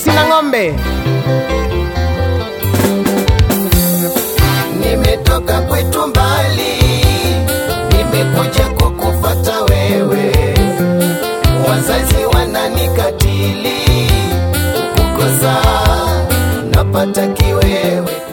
sina ng'ombe. Nimetoka kwetu mbali, nimekuja kukufata wewe, wazazi wananikatili, kukosa napata kiwewe